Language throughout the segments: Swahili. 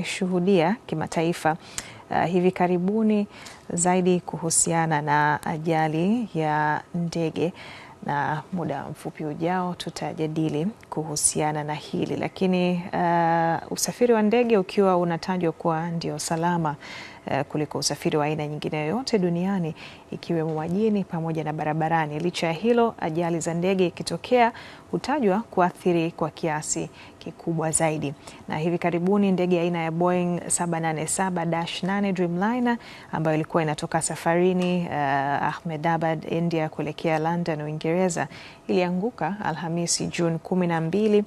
tumeshuhudia kimataifa uh, hivi karibuni zaidi kuhusiana na ajali ya ndege na muda mfupi ujao tutajadili kuhusiana na hili lakini, uh, usafiri wa ndege ukiwa unatajwa kuwa ndio salama Eh, kuliko usafiri wa aina nyingine yoyote duniani ikiwemo majini pamoja na barabarani. Licha ya hilo, ajali za ndege ikitokea hutajwa kuathiri kwa kiasi kikubwa zaidi. Na hivi karibuni ndege aina ya Boeing 787-8 Dreamliner ambayo ilikuwa inatoka safarini uh, Ahmedabad, India kuelekea London, Uingereza ilianguka Alhamisi Juni kumi na mbili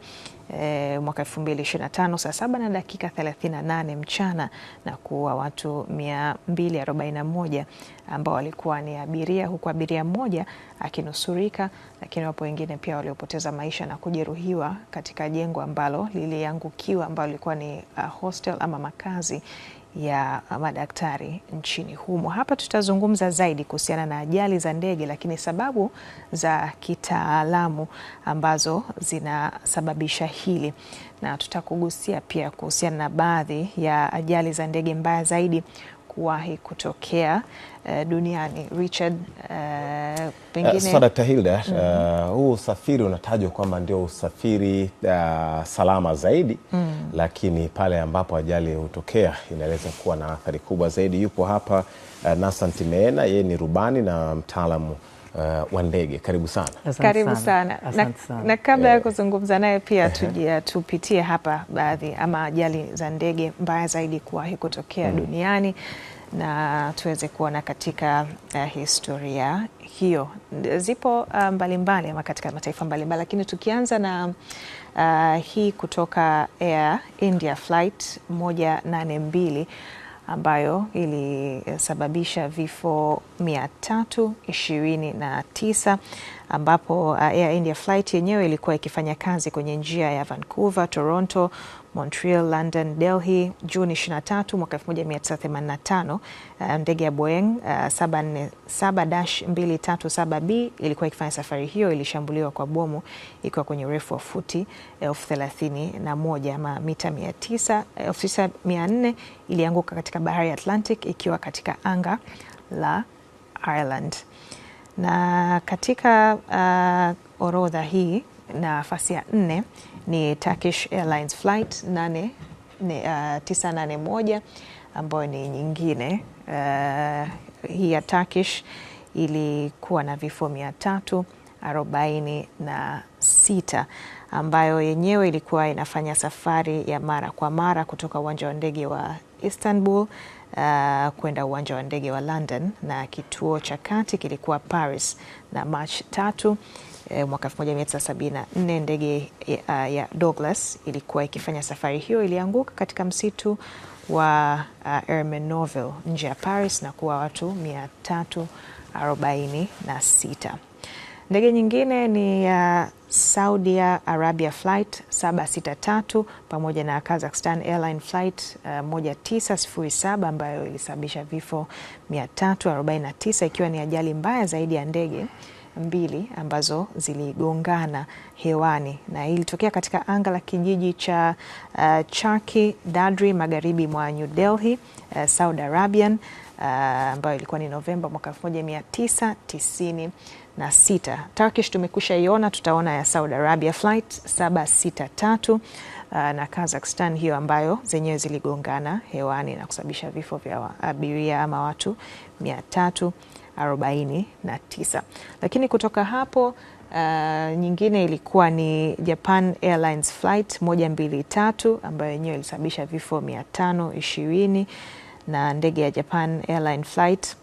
e, mwaka 2025 saa saba na dakika 38 mchana na kuua watu 241 ambao walikuwa ni abiria, huku abiria mmoja akinusurika, lakini wapo wengine pia waliopoteza maisha na kujeruhiwa katika jengo ambalo liliangukiwa, ambalo lilikuwa ni uh, hostel ama makazi ya madaktari nchini humo. Hapa tutazungumza zaidi kuhusiana na ajali za ndege, lakini sababu za kitaalamu ambazo zinasababisha hili, na tutakugusia pia kuhusiana na baadhi ya ajali za ndege mbaya zaidi kuwahi kutokea uh, duniani Richard, uh, pengine... uh, so Dr. Hilda, mm -hmm. uh, huu usafiri unatajwa kwamba ndio usafiri uh, salama zaidi mm -hmm. lakini pale ambapo ajali hutokea inaweza kuwa na athari kubwa zaidi. Yupo hapa uh, Nasantimeena, yeye ni rubani na mtaalamu uh, wa ndege. Karibu sana, karibu sana, Na, na kabla ya yeah, kuzungumza naye pia tujia, eh, tupitie hapa baadhi ama ajali za ndege mbaya zaidi kuwahi kutokea mm, duniani na tuweze kuona katika uh, historia hiyo zipo eh, mbalimbali uh, mbali, ama katika mataifa mbalimbali, lakini tukianza na uh, hii kutoka Air India flight 182 ambayo ilisababisha vifo 329 ambapo uh, Air India flight yenyewe ilikuwa ikifanya kazi kwenye njia ya Vancouver, Toronto, Montreal, London, Delhi Juni 23 mwaka 1985. Uh, ndege ya Boeing uh, 747-237B ilikuwa ikifanya safari hiyo ilishambuliwa kwa bomu ikiwa kwenye urefu wa futi 31 ama mita 9400. Ilianguka katika bahari ya Atlantic ikiwa katika anga la Ireland. Na katika uh, orodha hii nafasi ya nne ni Turkish Airlines flight 8 981 uh, ambayo ni nyingine uh, hii ya Turkish ilikuwa na vifo mia tatu arobaini na sita ambayo yenyewe ilikuwa inafanya safari ya mara kwa mara kutoka uwanja wa ndege wa Istanbul uh, kwenda uwanja wa ndege wa London na kituo cha kati kilikuwa Paris na March tatu eh, mwaka 1974 ndege ya, eh, ya Douglas ilikuwa ikifanya safari hiyo, ilianguka katika msitu wa uh, Ermenonville nje ya Paris na kuwa watu 346. Ndege nyingine ni ya uh, Saudi Arabia Flight 763 pamoja na Kazakhstan Airline Flight uh, eh, 1907 ambayo ilisababisha vifo 349 ikiwa ni ajali mbaya zaidi ya ndege mbili ambazo ziligongana hewani na ilitokea katika anga la kijiji cha uh, Charki Dadri magharibi mwa New Delhi uh, Saudi Arabian uh, ambayo ilikuwa ni Novemba mwaka 1996 na sita. Turkish tumekusha iona, tutaona ya Saudi Arabia flight 763 uh, na Kazakhstan hiyo ambayo zenyewe ziligongana hewani na kusababisha vifo vya abiria ama watu mia tatu 49. Lakini kutoka hapo uh, nyingine ilikuwa ni Japan Airlines flight 123 ambayo yenyewe ilisababisha vifo 520 na ndege ya Japan Airline flight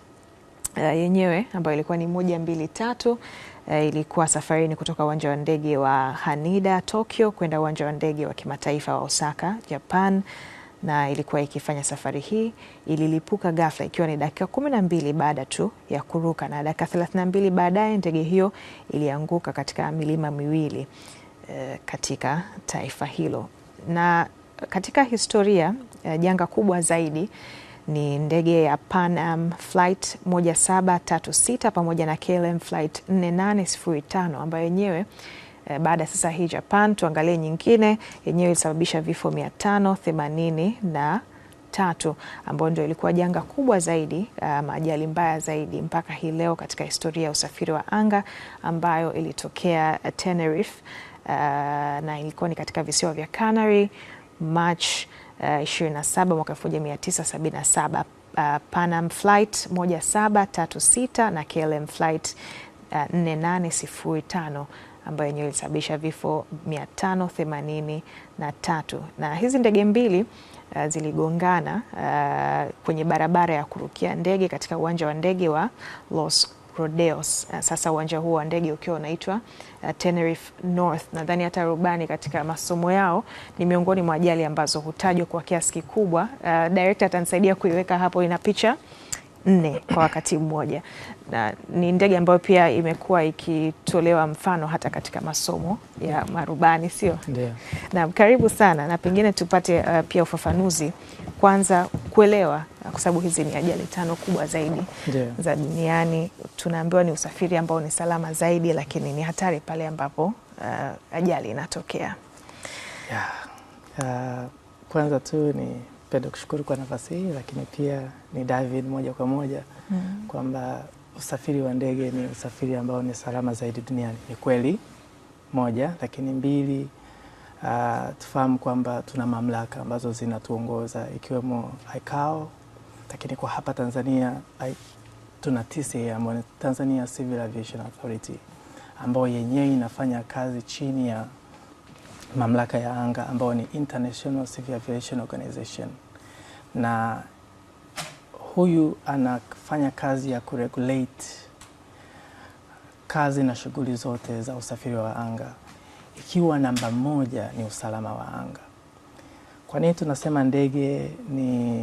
uh, yenyewe ambayo ilikuwa ni 123 uh, ilikuwa safarini kutoka uwanja wa ndege wa Haneda Tokyo kwenda uwanja wa ndege wa kimataifa wa Osaka, Japan na ilikuwa ikifanya safari hii, ililipuka ghafla ikiwa ni dakika kumi na mbili baada tu ya kuruka, na dakika thelathini na mbili baadaye ndege hiyo ilianguka katika milima miwili e, katika taifa hilo. Na katika historia e, janga kubwa zaidi ni ndege ya Pan Am flight 1736 pamoja na KLM flight 4805 ambayo yenyewe Eh, baada ya sasa hii Japan. Tuangalie nyingine, yenyewe ilisababisha vifo mia tano themanini na tatu ambayo ndio ilikuwa janga kubwa zaidi, um, ajali mbaya zaidi mpaka hii leo katika historia ya usafiri wa anga ambayo ilitokea eh, Tenerife, uh, na ilikuwa ni katika visiwa vya Canary March uh, 27 mwaka 1977. Uh, Panam flight 1736 na KLM flight uh, 4805 ambayo yenyewe ilisababisha vifo 583 na, na hizi ndege mbili uh, ziligongana uh, kwenye barabara ya kurukia ndege katika uwanja wa ndege wa Los Rodeos. Uh, sasa uwanja huo wa ndege ukiwa unaitwa uh, Tenerife North. Nadhani hata rubani katika masomo yao ni miongoni mwa ajali ambazo hutajwa kwa kiasi kikubwa. Uh, director atanisaidia kuiweka hapo, ina picha nne kwa wakati mmoja, na ni ndege ambayo pia imekuwa ikitolewa mfano hata katika masomo ya marubani, sio? Ndio. Na karibu sana, na pengine tupate uh, pia ufafanuzi kwanza kuelewa, uh, kwa sababu hizi ni ajali tano kubwa zaidi Deo. za duniani. Tunaambiwa ni usafiri ambao ni salama zaidi, lakini ni hatari pale ambapo uh, ajali inatokea. Yeah. Uh, kwanza tu ni Penda kushukuru kwa nafasi hii, lakini pia ni David moja kwa moja mm -hmm. kwamba usafiri wa ndege ni usafiri ambao ni salama zaidi duniani. Ni kweli moja, lakini mbili, uh, tufahamu kwamba tuna mamlaka ambazo zinatuongoza ikiwemo ICAO, lakini kwa hapa Tanzania I, tuna TCA ambayo ni Tanzania Civil Aviation Authority ambayo yenyewe inafanya kazi chini ya mamlaka ya anga ambayo ni International Civil Aviation Organization, na huyu anafanya kazi ya kuregulate kazi na shughuli zote za usafiri wa anga, ikiwa namba moja ni usalama wa anga. Kwa nini tunasema ndege ni,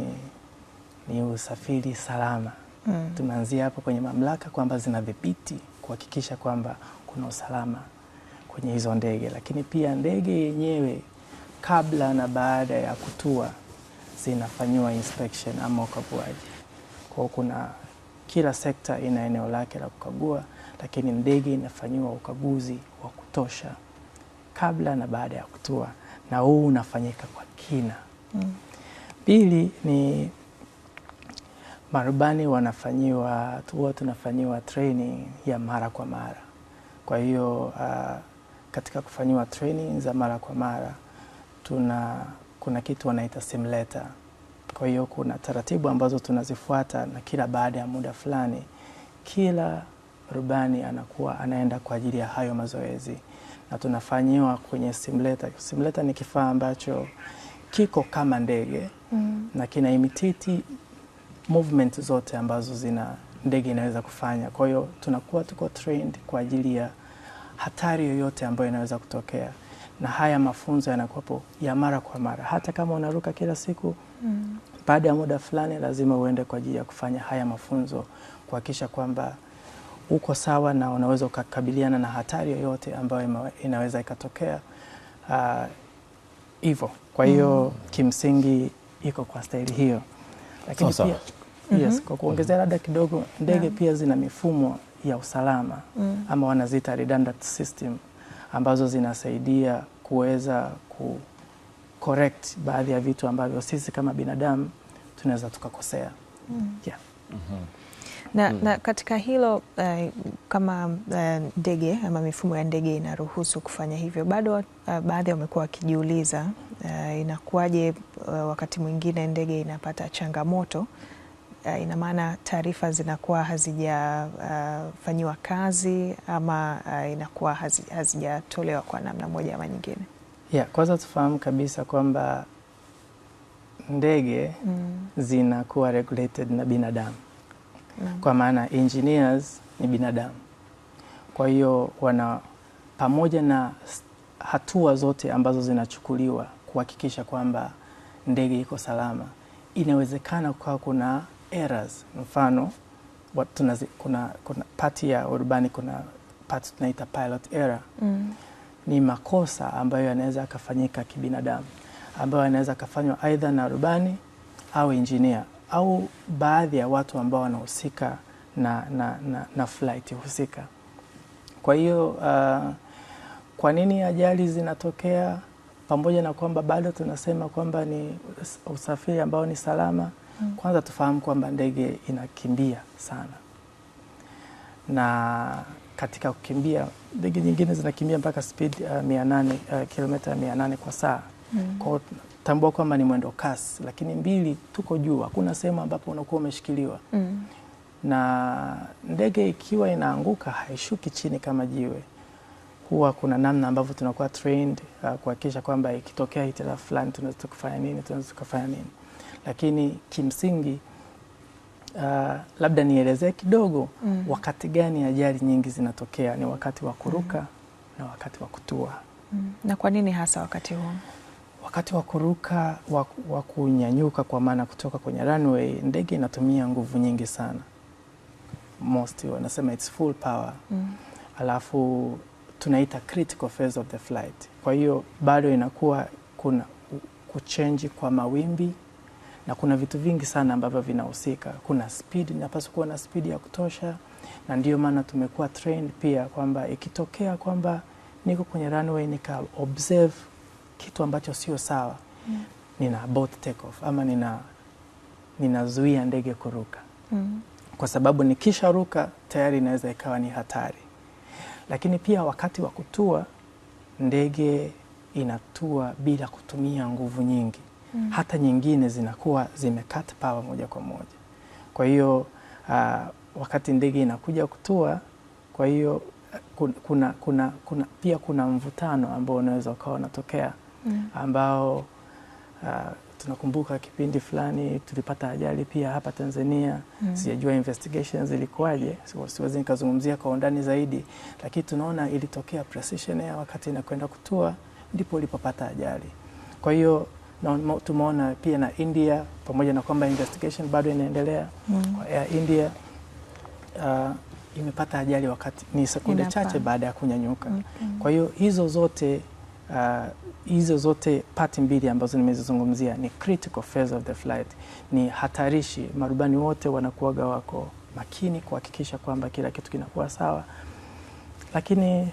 ni usafiri salama? Mm. Tumeanzia hapo kwenye mamlaka kwamba zinadhibiti kuhakikisha kwamba kuna usalama kwenye hizo ndege, lakini pia ndege yenyewe kabla na baada ya kutua zinafanyiwa inspection ama ukaguaji. Kwa hiyo kuna kila sekta ina eneo lake la kukagua, lakini ndege inafanyiwa ukaguzi wa kutosha kabla na baada ya kutua, na huu unafanyika kwa kina. Mm. Pili mm. ni marubani wanafanyiwa, huwa tunafanyiwa training ya mara kwa mara, kwa hiyo uh, katika kufanyiwa training za mara kwa mara tuna kuna kitu wanaita simulator. Kwa hiyo kuna taratibu ambazo tunazifuata, na kila baada ya muda fulani kila rubani anakuwa anaenda kwa ajili ya hayo mazoezi, na tunafanyiwa kwenye simulator. Simulator ni kifaa ambacho kiko kama ndege mm. na kina imitate movement zote ambazo zina ndege inaweza kufanya. Kwa hiyo tunakuwa tuko trained kwa ajili ya hatari yoyote ambayo inaweza kutokea, na haya mafunzo yanakuwapo ya mara kwa mara. Hata kama unaruka kila siku mm. baada ya muda fulani lazima uende kwa ajili ya kufanya haya mafunzo, kuhakikisha kwamba uko sawa na unaweza ukakabiliana na hatari yoyote ambayo inaweza ikatokea hivyo. Ah, uh, kwa hiyo mm. kimsingi iko kwa staili hiyo, lakini so, pia so. Yes, mm -hmm. Kwa kuongezea mm-hmm. labda kidogo, ndege yeah. pia zina mifumo ya usalama mm. ama wanazita redundant system ambazo zinasaidia kuweza ku correct baadhi ya vitu ambavyo sisi kama binadamu tunaweza tukakosea. mm. yeah. mm -hmm. Na, mm. na katika hilo uh, kama uh, ndege ama mifumo ya ndege inaruhusu kufanya hivyo bado uh, baadhi wamekuwa wakijiuliza uh, inakuwaje uh, wakati mwingine ndege inapata changamoto uh, ina maana taarifa zinakuwa hazijafanyiwa uh, kazi ama uh, inakuwa hazijatolewa kwa namna moja ama nyingine. Yeah, kwanza tufahamu kabisa kwamba ndege mm. zinakuwa regulated na binadamu mm. kwa maana engineers ni binadamu, kwa hiyo wana pamoja na hatua zote ambazo zinachukuliwa kuhakikisha kwamba ndege iko salama, inawezekana kukawa kuna eras Mfano kuna, kuna pati ya urubani, kuna pati tunaita pilot era mm. Ni makosa ambayo yanaweza akafanyika kibinadamu, ambayo yanaweza akafanywa aidha na rubani au injinia au baadhi ya watu ambao wanahusika na, na, na, na flight husika. Kwa hiyo uh, kwa nini ajali zinatokea, pamoja na kwamba bado tunasema kwamba ni usafiri ambao ni salama kwanza tufahamu kwamba ndege inakimbia sana, na katika kukimbia ndege nyingine zinakimbia mpaka speed uh, mia nane uh, kilomita mia nane kwa saa mm. Kwao tambua kwamba ni mwendo kasi, lakini mbili, tuko juu, hakuna sehemu ambapo unakuwa umeshikiliwa mm. na ndege ikiwa inaanguka haishuki chini kama jiwe huwa kuna namna ambavyo tunakuwa trained uh, kuhakikisha kwamba ikitokea hitilafu fulani tunaweza tukafanya nini, tunaweza tukafanya nini lakini kimsingi uh, labda nielezee kidogo mm. Wakati gani ajali nyingi zinatokea? Ni wakati wa kuruka mm. na wakati wa kutua mm. Na kwa nini hasa wakati huo? Wakati wa kuruka wa kunyanyuka, kwa maana kutoka kwenye runway, ndege inatumia nguvu nyingi sana, most wanasema it's full power mm. Alafu tunaita critical phase of the flight. Kwa hiyo bado inakuwa kuna kuchenji kwa mawimbi na kuna vitu vingi sana ambavyo vinahusika. Kuna speed, napaswa kuwa na speed ya kutosha, na ndio maana tumekuwa trained pia kwamba ikitokea kwamba niko kwenye runway nika observe kitu ambacho sio sawa yeah. Mm. nina abort take off ama nina ninazuia ndege kuruka mm. kwa sababu nikisharuka tayari inaweza ikawa ni hatari, lakini pia wakati wa kutua ndege inatua bila kutumia nguvu nyingi mm. hata nyingine zinakuwa zimekata pawa moja kwa moja. Kwa hiyo uh, wakati ndege inakuja kutua, kwa hiyo uh, kuna, kuna, kuna, pia kuna mvutano ambao unaweza ukawa unatokea mm. ambao uh, tunakumbuka kipindi fulani tulipata ajali pia hapa Tanzania mm. Sijajua investigations siwezi nikazungumzia kwa undani zaidi, lakini tunaona ilitokea Precision Air wakati inakwenda kutua, ndipo ulipopata ajali. Kwa hiyo na tumeona pia na India, pamoja na kwamba investigation bado inaendelea mm. kwa Air India uh, imepata ajali wakati ni sekunde chache baada ya kunyanyuka mm -hmm. Kwa hiyo hizo zote uh, hizo zote pati mbili ambazo nimezizungumzia ni critical phase of the flight, ni hatarishi. Marubani wote wanakuaga wako makini kuhakikisha kwamba kila kitu kinakuwa sawa, lakini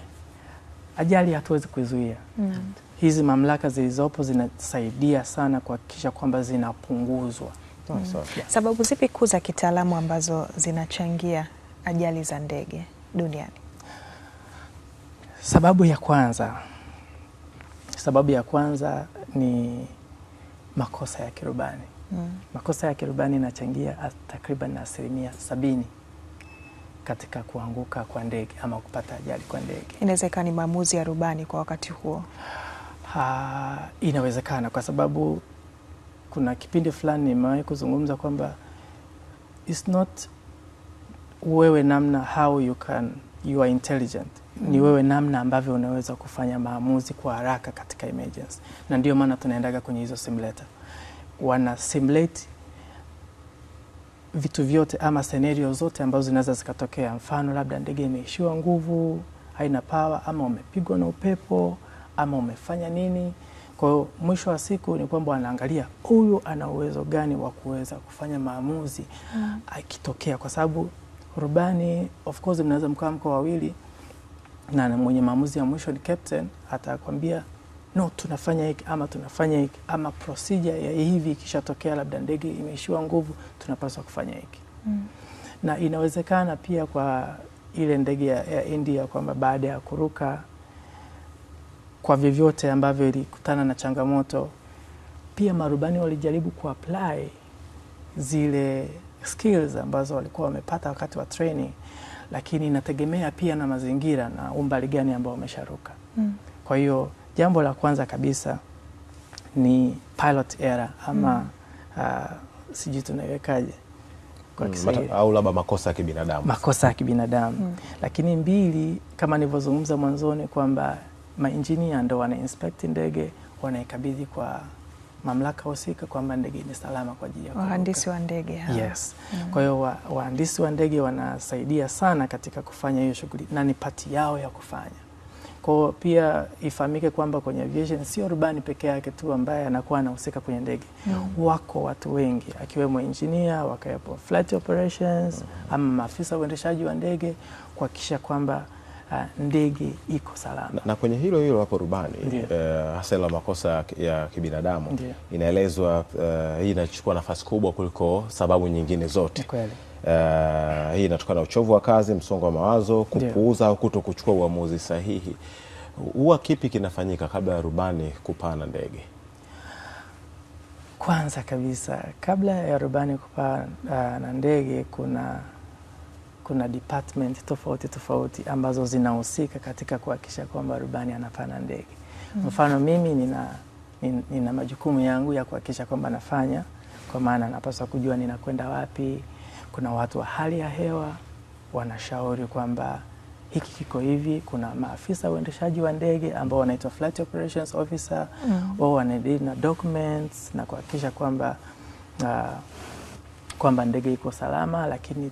ajali hatuwezi kuizuia mm hizi mamlaka zilizopo zinasaidia sana kuhakikisha kwamba zinapunguzwa. Mm. Yeah. Sababu zipi kuu za kitaalamu ambazo zinachangia ajali za ndege duniani? Sababu ya kwanza, sababu ya kwanza ni makosa ya kirubani. Mm. Makosa ya kirubani inachangia takriban asilimia sabini katika kuanguka kwa ndege ama kupata ajali kwa ndege. Inaweza ikawa ni maamuzi ya rubani kwa wakati huo ha, ah, inawezekana kwa sababu kuna kipindi fulani nimewahi kuzungumza kwamba it's not wewe namna how you can you are intelligent mm. ni wewe namna ambavyo unaweza kufanya maamuzi kwa haraka katika emergency, na ndio maana tunaendaga kwenye hizo simulator, wana simulate vitu vyote ama scenario zote ambazo zinaweza zikatokea. Mfano labda ndege imeishiwa nguvu, haina power, ama umepigwa na upepo ama umefanya nini. Kwa hiyo mwisho wa siku ni kwamba wanaangalia huyu ana uwezo gani wa kuweza kufanya maamuzi mm. akitokea, kwa sababu rubani, of course, mnaweza mkawa mko wawili na mwenye maamuzi ya mwisho ni captain, atakwambia no, tunafanya hiki ama tunafanya hiki ama procedure ya hivi ikishatokea, labda ndege imeishiwa nguvu, tunapaswa kufanya hiki mm. na inawezekana pia kwa ile ndege ya India kwamba baada ya kuruka kwa vyovyote ambavyo ilikutana na changamoto. Pia marubani walijaribu kuapply zile skills ambazo walikuwa wamepata wakati wa training, lakini inategemea pia na mazingira na umbali gani ambao umesharuka. Mm. Kwa hiyo jambo la kwanza kabisa ni pilot error ama mm. Uh, sijui tunaiwekaje kwa hmm, Kiswahili au labda makosa ya kibinadamu, makosa ya kibinadamu mm. Lakini mbili, kama nilivyozungumza mwanzoni kwamba mainjinia ndo wanainspekti ndege, wanaikabidhi kwa mamlaka husika kwamba ndege ni salama kwa ajili ya wahandisi wa ndege hao. Ah. Yes. Mm. Kwa hiyo wa, wahandisi wa ndege wanasaidia sana katika kufanya hiyo shughuli na ni pati yao ya kufanya. Kwa hiyo pia ifahamike kwamba kwenye aviation sio rubani peke yake tu ambaye anakuwa anahusika kwenye ndege. Mm. Wako watu wengi akiwemo engineer, wakiwepo flight operations mm. ama maafisa uendeshaji wa ndege kuhakikisha kwamba uh, ndege iko salama. Na, na kwenye hilo hilo hapo rubani eh, hasa uh, la makosa ya kibinadamu Ndiyo. Inaelezwa eh, hii inachukua nafasi kubwa kuliko sababu nyingine zote. Kweli. Uh, hii inatokana na uchovu wa kazi, msongo wa mawazo, kupuuza au kuto kuchukua uamuzi sahihi. Huwa kipi kinafanyika kabla ya rubani kupaa ndege? Kwanza kabisa kabla ya rubani kupaa uh, na ndege kuna kuna department tofauti tofauti ambazo zinahusika katika kuhakikisha kwamba rubani anapanda ndege. Mm. Mfano mimi nina, nina, nina majukumu yangu ya kuhakikisha kwamba nafanya, kwa maana napaswa kujua ninakwenda wapi. Kuna watu wa hali ya hewa wanashauri kwamba hiki kiko hivi. Kuna maafisa uendeshaji wa ndege ambao wanaitwa flight operations officer mm. wao wanadili na documents na kuhakikisha kwamba uh, kwamba ndege iko salama, lakini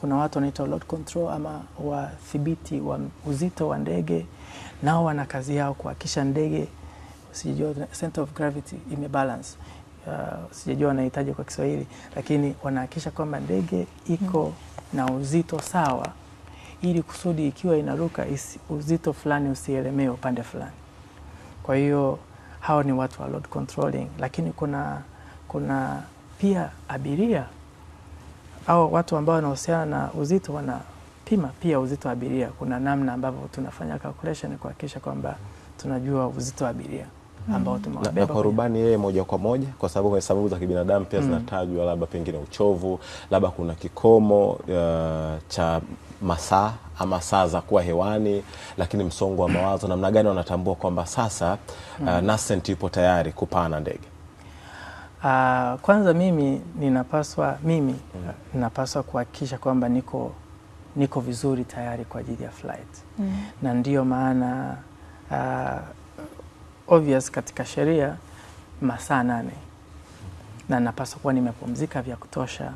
kuna watu wanaitwa load control ama wadhibiti wa uzito wa ndege, nao wana kazi yao kuhakikisha ndege sijajua center of gravity imebalance. Uh, sijajua wanahitaji kwa Kiswahili, lakini wanahakikisha kwamba ndege iko -hmm. na uzito sawa, ili kusudi ikiwa inaruka isi, uzito fulani usielemee upande fulani. Kwa hiyo hao ni watu wa load controlling, lakini kuna, kuna pia abiria au watu ambao wanahusiana na uzito wanapima pia uzito wa abiria. Kuna namna ambavyo tunafanya calculation kuhakikisha kwamba tunajua uzito wa abiria ambao mm. tumewabeba na, kwa rubani yeye moja kwa moja, kwa sababu kwa sababu za kibinadamu pia mm. zinatajwa mm, labda pengine uchovu, labda kuna kikomo uh, cha masaa ama saa za kuwa hewani, lakini msongo wa mawazo, namna gani wanatambua kwamba sasa uh, mm. Nascent ipo tayari kupaa na ndege? Uh, kwanza mimi ninapaswa mimi mm. ninapaswa kuhakikisha kwamba niko, niko vizuri tayari kwa ajili ya flight mm. na ndiyo maana uh, obvious katika sheria masaa nane na napaswa kuwa nimepumzika vya kutosha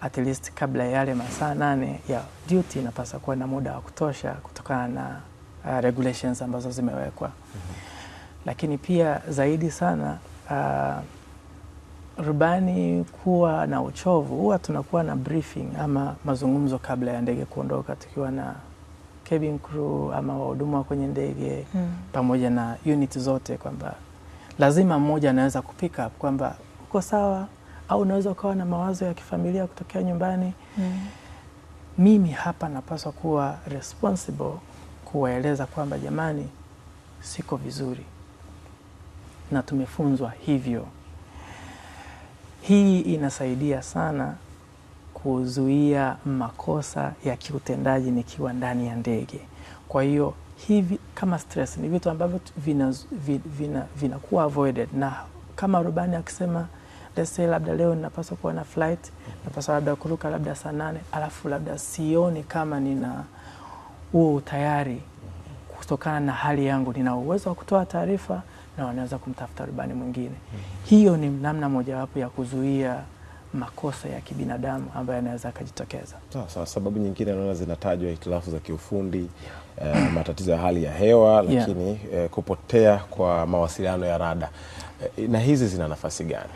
at least kabla ya yale masaa nane ya duty, inapaswa kuwa na muda wa kutosha kutokana na uh, regulations ambazo zimewekwa mm -hmm. Lakini pia zaidi sana uh, rubani kuwa na uchovu, huwa tunakuwa na briefing ama mazungumzo kabla ya ndege kuondoka, tukiwa na cabin crew ama wahudumu wa kwenye ndege hmm. pamoja na unit zote, kwamba lazima mmoja anaweza kupick up kwamba uko sawa, au unaweza ukawa na mawazo ya kifamilia kutokea nyumbani hmm. Mimi hapa napaswa kuwa responsible kuwaeleza kwamba jamani, siko vizuri na tumefunzwa hivyo hii inasaidia sana kuzuia makosa ya kiutendaji nikiwa ndani ya ndege. Kwa hiyo hivi kama stress ni vitu ambavyo vinakuwa vina, vina, vina avoided na kama rubani akisema let's say labda leo ninapaswa kuwa na flight, napaswa labda kuruka labda saa nane, alafu labda sioni kama nina huo utayari kutokana na hali yangu, nina uwezo wa kutoa taarifa na wanaweza kumtafuta rubani mwingine. Hiyo ni namna mojawapo ya kuzuia makosa ya kibinadamu ambayo yanaweza akajitokeza. sawa. sababu nyingine naona zinatajwa hitilafu za kiufundi yeah. eh, hmm. matatizo ya hali ya hewa lakini yeah. eh, kupotea kwa mawasiliano ya rada eh, na hizi zina nafasi gani?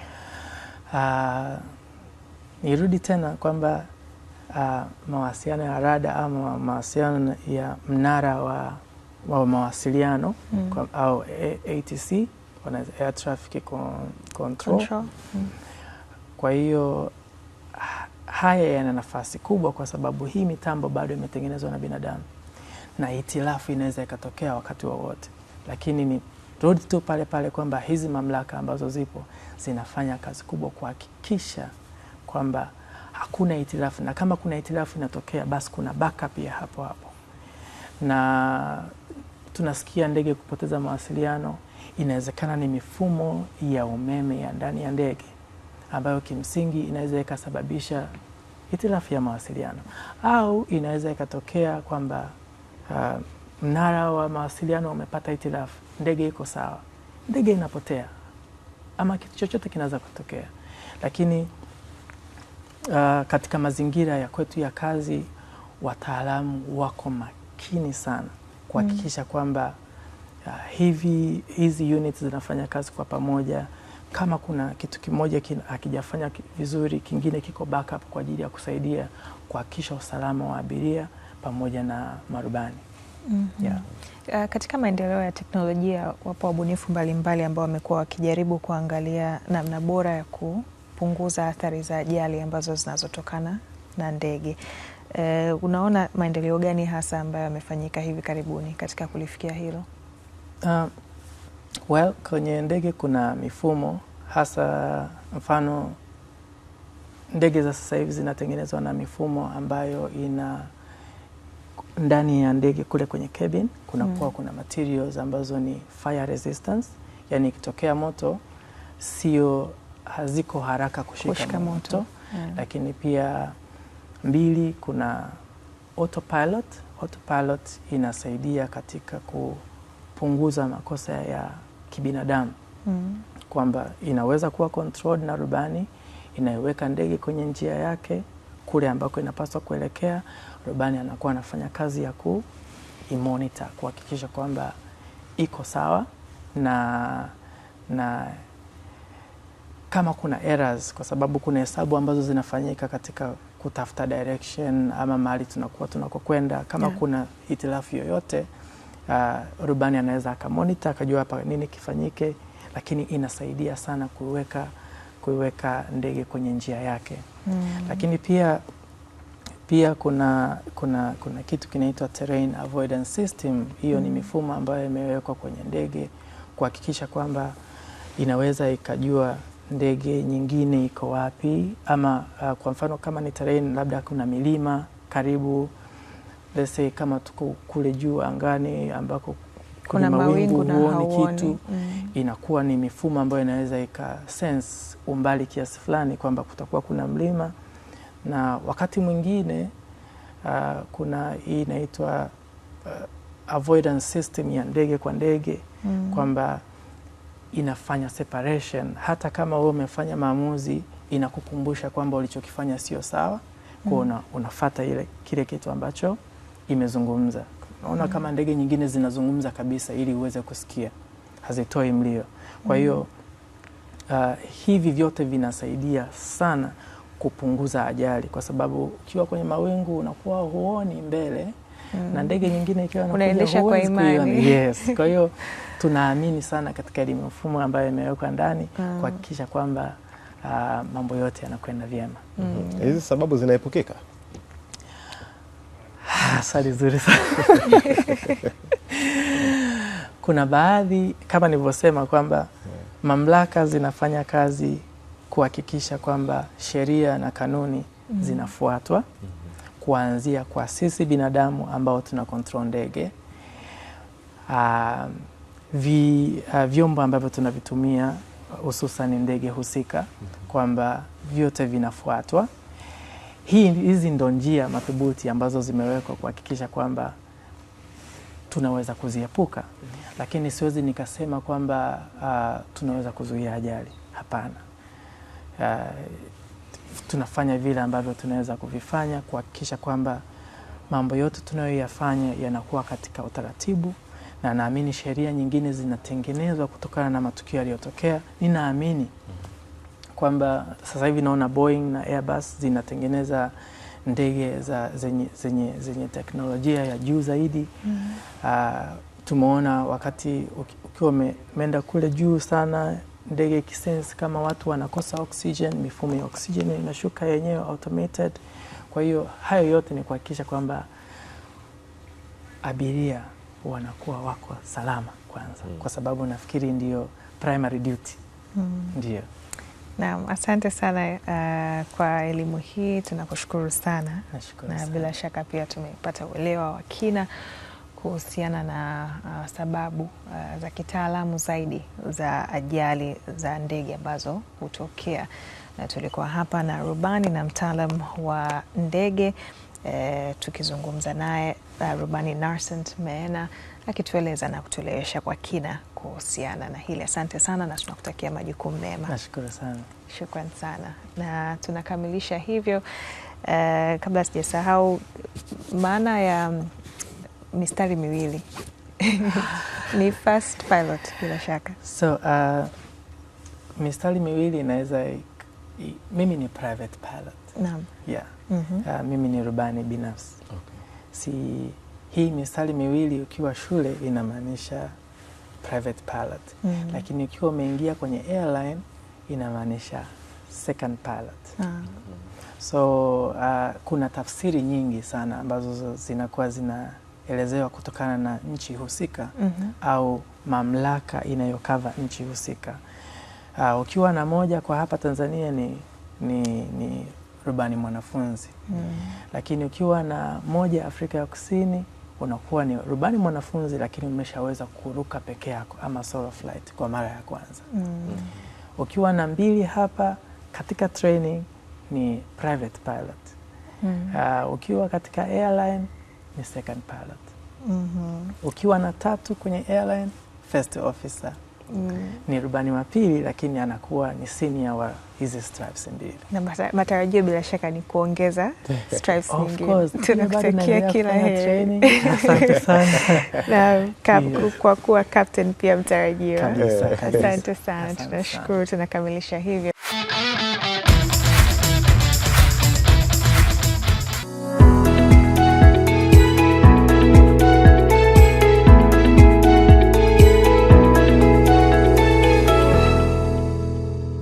Uh, nirudi tena kwamba uh, mawasiliano ya rada ama mawasiliano ya mnara wa wa mawasiliano mm. kwa, au ATC air traffic control, control. Mm. Kwa hiyo haya yana nafasi kubwa, kwa sababu hii mitambo bado imetengenezwa na binadamu na hitilafu inaweza ikatokea wakati wowote wa, lakini ni rudi tu pale pale kwamba hizi mamlaka ambazo zipo zinafanya kazi kubwa kuhakikisha kwamba hakuna hitilafu, na kama kuna hitilafu inatokea, basi kuna backup ya hapo hapo na tunasikia ndege kupoteza mawasiliano. Inawezekana ni mifumo ya umeme ya ndani ya ndege ambayo kimsingi inaweza ikasababisha hitilafu ya mawasiliano, au inaweza ikatokea kwamba uh, mnara wa mawasiliano umepata hitilafu, ndege iko sawa, ndege inapotea ama kitu chochote kinaweza kutokea. Lakini uh, katika mazingira ya kwetu ya kazi wataalamu wako makini sana kuhakikisha mm. kwamba uh, hivi hizi units zinafanya kazi kwa pamoja. Kama kuna kitu kimoja hakijafanya vizuri, kingine kiko backup kwa ajili ya kusaidia kuhakikisha usalama wa abiria pamoja na marubani. mm -hmm. yeah. Uh, katika maendeleo ya teknolojia wapo wabunifu mbalimbali ambao wamekuwa wakijaribu kuangalia namna bora ya kupunguza athari za ajali ambazo zinazotokana na ndege. Uh, unaona maendeleo gani hasa ambayo yamefanyika hivi karibuni katika kulifikia hilo? Uh, well, kwenye ndege kuna mifumo hasa, mfano ndege za sasa hivi zinatengenezwa na mifumo ambayo ina ndani ya ndege kule kwenye cabin kunakuwa mm. kuna materials ambazo ni fire resistance, yani ikitokea moto sio haziko haraka kushika moto, moto. Yeah. Hmm. Lakini pia Mbili, kuna autopilot. Autopilot inasaidia katika kupunguza makosa ya kibinadamu mm. kwamba inaweza kuwa controlled na rubani, inaiweka ndege kwenye njia yake kule ambako inapaswa kuelekea. Rubani anakuwa anafanya kazi ya ku kuimonita kuhakikisha kwamba iko sawa na na kama kuna errors, kwa sababu kuna hesabu ambazo zinafanyika katika kutafuta direction ama mahali tunakuwa tunakokwenda kama yeah. kuna hitilafu yoyote uh, rubani anaweza akamonita akajua hapa nini kifanyike, lakini inasaidia sana kuiweka kuiweka ndege kwenye njia yake mm. Lakini pia pia kuna, kuna, kuna kitu kinaitwa terrain avoidance system. Hiyo mm. ni mifumo ambayo imewekwa kwenye ndege kuhakikisha kwamba inaweza ikajua ndege nyingine iko wapi, ama uh, kwa mfano kama ni terrain labda kuna milima karibu, let's say kama tuko kule juu angani ambako kuna mawingu huoni kitu mm. Inakuwa ni mifumo ambayo inaweza ika sense umbali kiasi fulani kwamba kutakuwa kuna mlima, na wakati mwingine uh, kuna hii inaitwa uh, avoidance system ya ndege kwa ndege mm. kwamba inafanya separation. Hata kama wewe umefanya maamuzi, inakukumbusha kwamba ulichokifanya sio sawa, kwa mm. una, unafata ile kile kitu ambacho imezungumza. Unaona kama ndege nyingine zinazungumza kabisa ili uweze kusikia, hazitoi mlio. Kwa hiyo mm. uh, hivi vyote vinasaidia sana kupunguza ajali, kwa sababu ukiwa kwenye mawingu unakuwa huoni mbele mm. na ndege nyingine ikiwa inakuja Yes, kwa hiyo tunaamini sana katika elimu mfumo ambayo imewekwa ndani mm. kuhakikisha kwamba uh, mambo yote yanakwenda vyema. mm. mm. hizi sababu zinaepukika? Ah, swali zuri sana kuna baadhi kama nilivyosema kwamba mm. mamlaka zinafanya kazi kuhakikisha kwamba sheria na kanuni mm. zinafuatwa mm -hmm. kuanzia kwa sisi binadamu ambao tuna ndege vi, uh, vyombo ambavyo tunavitumia hususan ndege husika mhm. kwamba vyote vinafuatwa. Hii hizi ndo njia madhubuti ambazo zimewekwa kuhakikisha kwamba tunaweza kuziepuka, mhm. lakini siwezi nikasema kwamba uh, tunaweza kuzuia ajali. Hapana. Uh, tunafanya vile ambavyo tunaweza kuvifanya kuhakikisha kwamba mambo yote tunayoyafanya yanakuwa katika utaratibu na naamini sheria nyingine zinatengenezwa kutokana na matukio yaliyotokea. Ninaamini kwamba sasa hivi naona Boeing na Airbus zinatengeneza ndege za zenye, zenye, zenye teknolojia ya juu zaidi mm -hmm. Uh, tumeona wakati ukiwa umeenda kule juu sana ndege kisense kama watu wanakosa oxygen, mifumo ya oxygen inashuka yenyewe automated. Kwa hiyo hayo yote ni kuhakikisha kwamba abiria wanakuwa wako salama kwanza mm. kwa sababu nafikiri ndio primary duty mm. ndio Naam, asante sana uh, kwa elimu hii tunakushukuru sana na sana. Bila shaka pia tumepata uelewa wa kina kuhusiana na uh, sababu uh, za kitaalamu zaidi za ajali za ndege ambazo hutokea, na tulikuwa hapa na rubani na mtaalam wa ndege eh, tukizungumza naye uh, rubani Narcent Meena akitueleza na kutuelewesha kwa kina kuhusiana na hili. Asante sana na tunakutakia majukumu mema. Nashukuru sana, shukran sana, na tunakamilisha hivyo. Uh, kabla sijasahau maana ya mistari miwili ni first pilot bila shaka. So uh, mistari miwili inaweza mimi ni private pilot. Naam. Yeah. Mm -hmm. Uh, mimi ni rubani binafsi. Okay si hii mistari miwili ukiwa shule inamaanisha private pilot mm -hmm. Lakini ukiwa umeingia kwenye airline inamaanisha second pilot ah. So uh, kuna tafsiri nyingi sana ambazo zinakuwa zinaelezewa kutokana na nchi husika mm -hmm. au mamlaka inayokava nchi husika. Uh, ukiwa na moja kwa hapa Tanzania ni, ni, ni rubani mwanafunzi mm. Lakini ukiwa na moja Afrika ya Kusini unakuwa ni rubani mwanafunzi, lakini umeshaweza kuruka peke yako ama solo flight kwa mara ya kwanza mm. Ukiwa na mbili hapa katika training ni private pilot mm. Uh, ukiwa katika airline ni second pilot mm -hmm. Ukiwa na tatu kwenye airline first officer mm. ni rubani wa pili, lakini anakuwa ni senior wa hizi stripes mbili, na matarajio bila shaka ni kuongeza stripes nyingine. Tunakutakia kila heri. Asante sana na kap, yes. kwa kuwa captain pia mtarajiwa. Asante sana, tunashukuru. Tunakamilisha hivyo.